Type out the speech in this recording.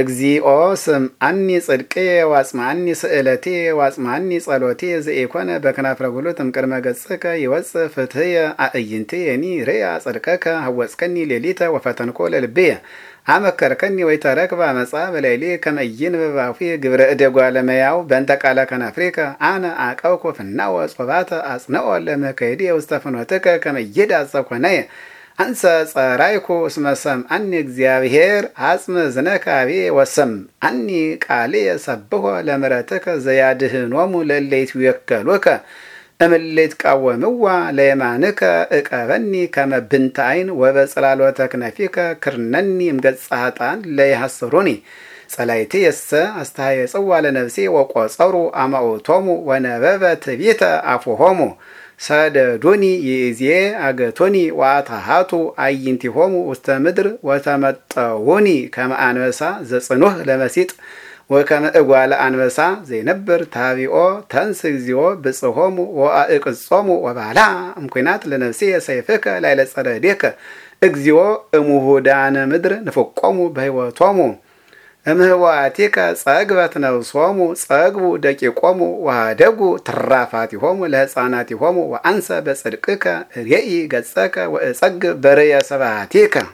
እግዚኦ ስምዓኒ ጽድቅየ ዋጽምዓኒ ስእለቴ ዋጽምዓኒ ጸሎቴ ዘኢኮነ በክናፍ ረጉሉት እምቅድመ ገጽከ ይወፅእ ፍትህየ አእይንትየኒ ርያ ጽድቀከ ሃወጽከኒ ሌሊተ ወፈተንኮ ለልብየ አመከርከኒ ወይተረክባ መጻ በላይሌ ከመይን በባፊ ግብረ እደ ጓለመያው በእንተ ቃለ ከናፍሪከ አነ አቀውኮ ፍናወ ጾባተ አጽንኦ ለመከይድ የውስተ ፍኖትከ ከመይድ አጸኮነየ አንሰ ጸራይኩ እስመ አኒ እግዚአብሔር አጽም ዝነካቤ ወሰም አኒ ቃልየ ሰብሖ ለምሕረትከ ዘያድኅኖሙ ለሌት ይትወከሉከ እምሌት ቃወምዋ ለየማንከ እቀበኒ ከመ ብንተ ዐይን ወበጽላሎተ ክነፊከ ክርነኒ እምገጸ ኀጥኣን ለይሐስሩኒ ጸላይቲ የሰ አስተሃየ ጽዋ ለነፍሴ ወቆጸሩ አማኦቶሙ ወነበበ ትቢተ አፉሆሙ ሰደ ዶኒ ይእዜ አገቶኒ ዋታሃቱ አዕይንቲሆሙ ውስተ ምድር ወተመጠውኒ ከመ አንበሳ ዘጽኑህ ለመሲጥ ወከመ እጓለ አንበሳ ዘይነብር ታቢኦ ተንስ እግዚኦ ብጽሆሙ ወአእቅጾሙ ወባላ እምኩናት ለነፍስየ ሰይፍከ ላዕለ ጸረዴከ እግዚኦ እሙሁዳነ ምድር ንፍቆሙ በሕይወቶሙ እምህዋቲከ ጸግበት ነብሶሙ ጸግቡ ደቂቆሙ ወሃደጉ ለህፃናት ለሕፃናቲሆሙ ወአንሰ በጽድቅከ ርእይ ገጸከ ወእጸግብ በርየ ስብሐቲከ